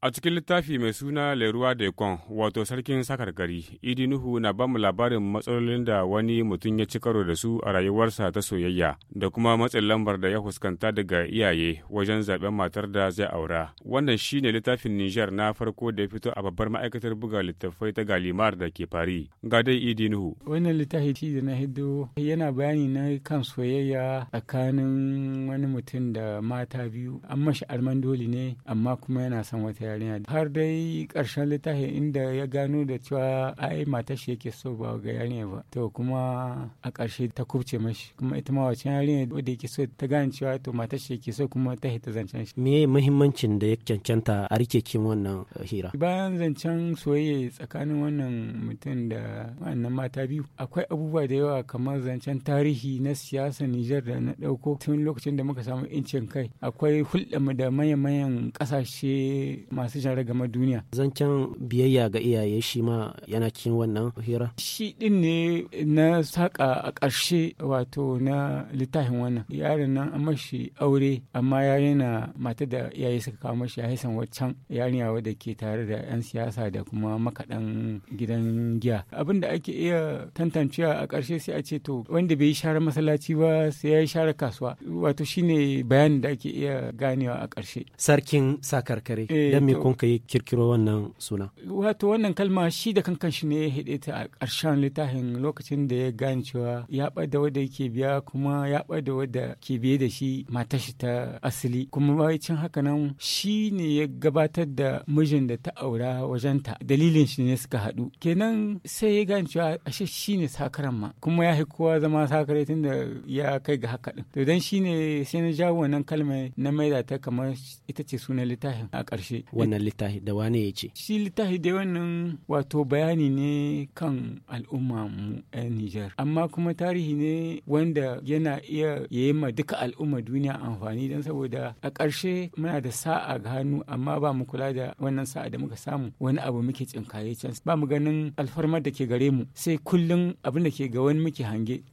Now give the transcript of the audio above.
A cikin littafi mai suna Leruwa Dekon, wato sarkin sakar gari, Idi Nuhu na bamu labarin matsalolin da wani mutum ya ci karo da su a rayuwarsa ta soyayya da kuma matsin lambar da ya fuskanta daga iyaye wajen zaɓen matar da zai aura. Wannan shine littafin Nijar na farko da ya fito a babbar ma'aikatar buga littattafai ta Galimar da ke Fari. Ga dai Idi Nuhu. Wannan littafi shi da na hiddo yana bayani na kan soyayya tsakanin wani mutum da mata biyu. An mashi almandoli ne amma kuma yana son wata yarinya har dai karshen littafi inda ya gano da cewa ai mata shi yake so ba ga yarinya ba to kuma a karshe ta kubce mashi kuma ita ma wacce yarinya da yake so ta gane cewa to mata shi yake so kuma ta hita zancen shi me muhimmancin da ya cancanta a rike kin wannan hira bayan zancen soyayya tsakanin wannan mutum da wannan mata biyu akwai abubuwa da yawa kamar zancen tarihi na siyasa Nijar da na dauko tun lokacin da muka samu incin kai akwai hulɗa da manya manyan kasashe masu jan game duniya. Zancen biyayya ga iyaye shi ma yana cikin wannan hira. Shi din ne na saƙa a ƙarshe wato na littafin wannan. Yaron nan an mashi aure amma ya yana mata da iyaye suka kawo mashi ya haisan waccan yarinya wadda ke tare da 'yan siyasa da kuma makaɗan gidan giya. Abin da ake iya tantancewa a ƙarshe sai a ce to wanda bai yi share masallaci ba sai ya yi share kasuwa. Wato shine bayanin da ake iya ganewa a ƙarshe. Sarkin sakarkare. Eh, Don me kun kai kirkiro wannan suna wato wannan kalma shi da kankan shi ne ya ta a ƙarshen littafin lokacin da ya gane cewa ya bada wadda yake biya kuma ya bada wadda ke biye da shi mata shi ta asali kuma ba cin haka nan shi ne ya gabatar da mijin da ta aura wajen ta dalilin shi ne suka haɗu kenan sai ya gane cewa ashe shi ne sakaran ma kuma ya kowa zama sakare tun da ya kai ga haka ɗin to dan shi ne sai na jawo wannan kalma na maida ta kamar ita ce sunan littafin a ƙarshe wannan littafi da wane ya ce shi littafi da wannan wato bayani ne kan al'umma mu yan Nijar amma kuma tarihi ne wanda yana iya yayi ma duka al'umma duniya amfani don saboda a ƙarshe muna da sa'a ga hannu amma ba mu kula da wannan sa'a da muka samu wani abu muke tsinkaye can ba mu ganin alfarmar da ke gare mu sai kullum abin da ke ga wani muke hange